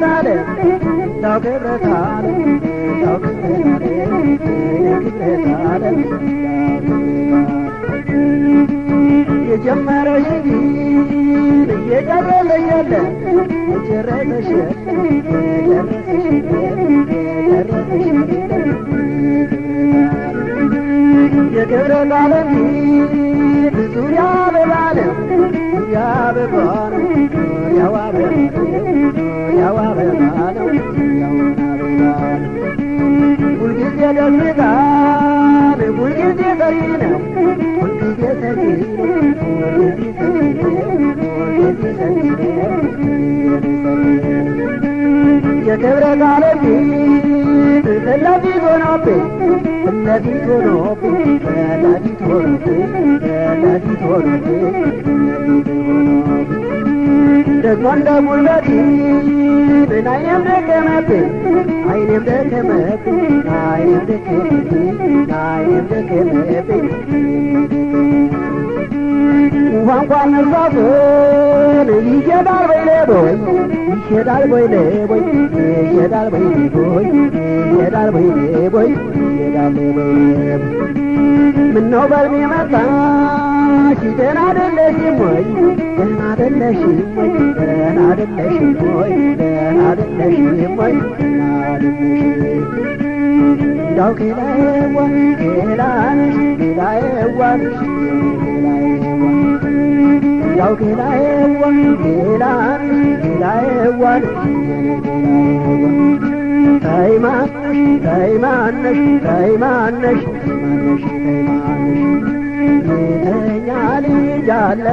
ለዘላለም ዳው ገብረታል ዳው ገብረታል የጀመረሽ ግን እየቀረለ ያለ የጨረሰሽ የደረሰሽ የደረሰሽ ብዙ ያበባለም ያበባ ያዋበ ያዋበናለው ያውናሉናል ሁልጊዜ ደምቃል የክብረ ቃለ ፊት በላፊት ሆኖብኝ በላፊት ሆኖብኝ በላፊት ሆኖብኝ በላፊት ሆኖብኝ በላፊት ሆኖብኝ ደግሞ እንደ ጉልበቴ ብናይም ደከመብኝ አይኔም ደከመብኝ አይኔም ደከመብኝ አይኔም ደከመብኝ ውሃ እንኳን ንፋሱን ይሸጣል ወይ ሌቦይ ይሸጣል ወይ ሌቦይ ይሸጣል ወይ ሌቦይ ይሸጣል ወይ ሌቦይ ይሸጣል ወይ ምነው በልሜ መጣሽ ደህና አይደለሽም ወይ ደህና አይደለሽም ወይ አይደለሽም ወይ አይደለሽም ወይ እንዳው ጌላዬዋ ጌላነሽ ጌላዬዋ ያው ጌላዬዋ ጌላነሽ ጌላዬዋ ተይ ማነሽ ተይ ማነሽ ተይ ማነሽ ማነሽ ተይ ማነሽ ተኛ ልጅ አለ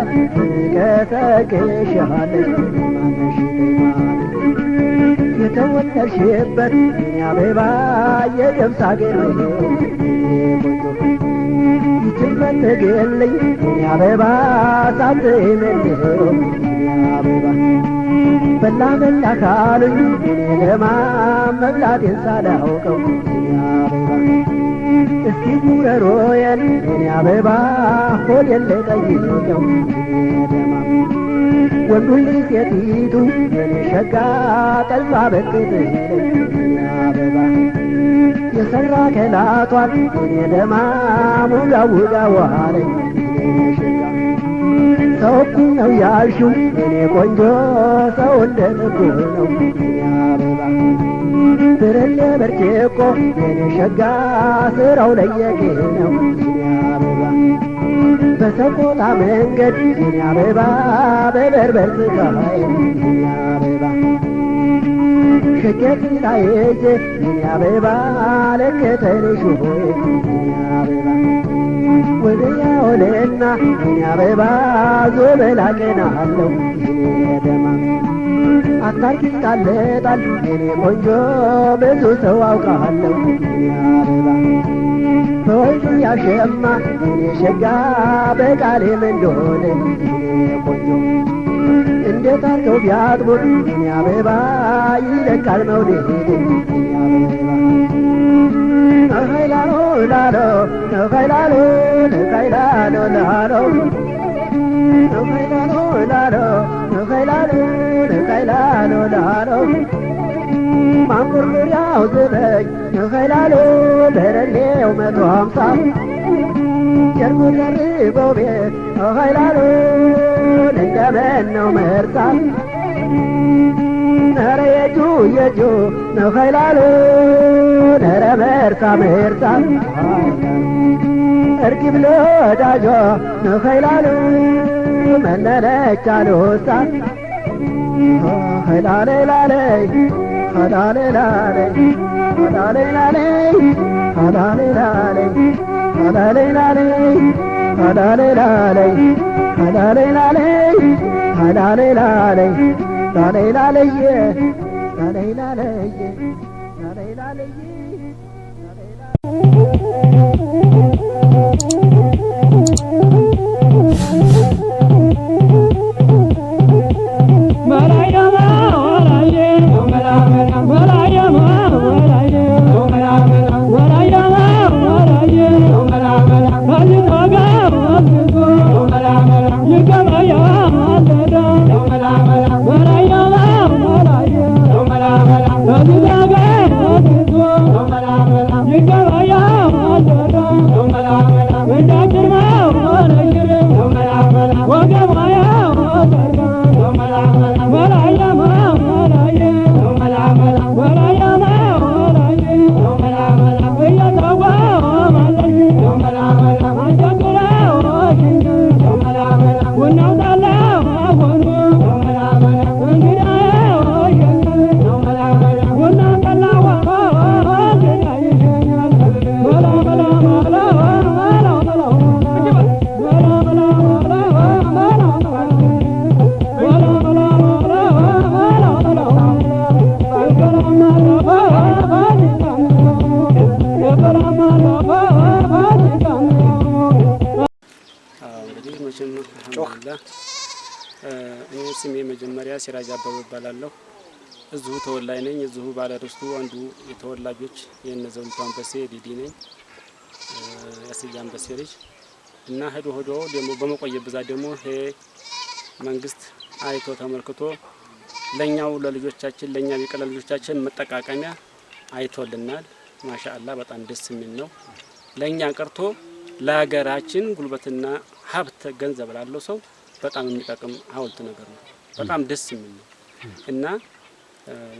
ከተቅሽሃለሽ ደርሼበት ያበባ የደም ሳገር ይችን መንገለኝ ያበባ ሳት መልሶ ያበባ በላ በላ ካሉኝ ግርማ መብላቴን ሳላውቀው ያበባ እስኪ ጉረሮየን ያበባ ሆዴን ለቀይቶቸው ደማ ወንዱ ሴቲቱ ሸጋ ቀልባ በቅጥና አበባ የሰራ ከላቷን እኔ ደማ ሙጋ ውጋ ዋለኝ ሰው እኩል ነው ያልሽው እኔ ቆንጆ ሰው እንደ ጥቁር ነው አበባ በርጭቆ የኔ ሸጋ ስራው ለየቅ ነው አበባ በሰቆጣ መንገድ አበባ በበርበር ስቃይ አበባ ሸቄት ላየች አበባ ለከተን ሹቦ አበባ ወደያ ሆነና አበባ ዞበላቀና አለው ደማ አታርቂ ጣለጣል የኔ ቆንጆ ብዙ ሰው አውቃለሁ ሸማ የሸጋ በቃሌም እንደሆነ ቆዩ እንዴት አርገው ቢያጥሙት እኔ አበባ ይለካል መውደድ ነፋይላሎ ላሎ ነፋይላሎ ነፋይላሎ ላሎ ነፋይላሎ ላሎ ነፋይላሎ ነፋይላሎ ላሎ አንቁር ዙሪያው ዝበኝ ንኸይላሉ ደረሌው መቶ ሃምሳ ጀርጉ ደርበው ቤት ንኸይላሉ እንደመን መርሳ ነረ የጁ የጁ ንኸይላሉ ነረ መርሳ መርሳ እርቂ ብሎ ዳጆ ንኸይላሉ መነነቻ ልሆሳ ኸይላለይ ላለይ அதாலே லாலே அதாலே லாலே அதாலே லாலே அதாலே லாலே அதாலே லாலே அதாலே லாலே அதாலே லாலே தாலே லாலேயே தாலே லாலேயே தாலே லாலேயே Thank you. እኔ ስሜ መጀመሪያ ሲራጅ አበበ እባላለሁ። እዚሁ ተወላጅ ነኝ። እዚሁ ባለርስቱ አንዱ የተወላጆች የነዘውዲቱ አንበሴ ዲዲ ነኝ። ያስያ አንበሴ ልጅ እና ሄዶ ሄዶ ደግሞ በመቆየት ብዛት ደግሞ ይሄ መንግስት አይቶ ተመልክቶ ለእኛው ለልጆቻችን ለኛ ቢቀለ ልጆቻችን መጠቃቀሚያ አይቶልናል። ማሻአላ በጣም ደስ የሚል ነው። ለኛ ቀርቶ ለሀገራችን ጉልበትና ሀብት ገንዘብ ላለው ሰው በጣም የሚጠቅም ሀውልት ነገር ነው። በጣም ደስ የሚል ነው እና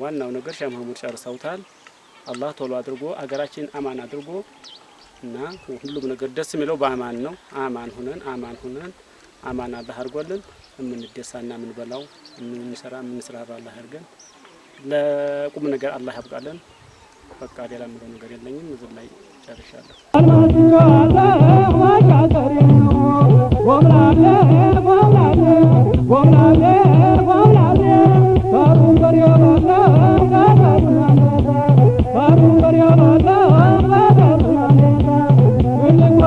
ዋናው ነገር ሻህ መሀሙድ ጨርሰውታል። አላህ ቶሎ አድርጎ አገራችን አማን አድርጎ እና ሁሉም ነገር ደስ የሚለው በአማን ነው። አማን ሁነን አማን ሁነን አማን አላህ አድርጎልን የምንደሳና የምንበላው የምንሰራ የምንስራ ባላህ አድርገን ለቁም ነገር አላህ ያብቃለን። በቃ ሌላ ምለው ነገር የለኝም። እዚህ ላይ ጨርሻለሁ።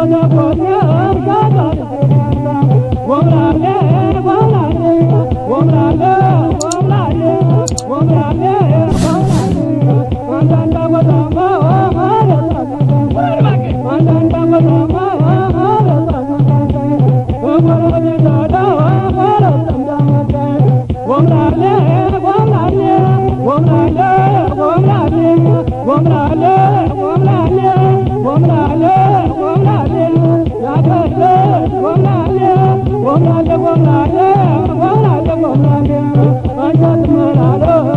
Bye. Wala de wala de wala de wala de wala de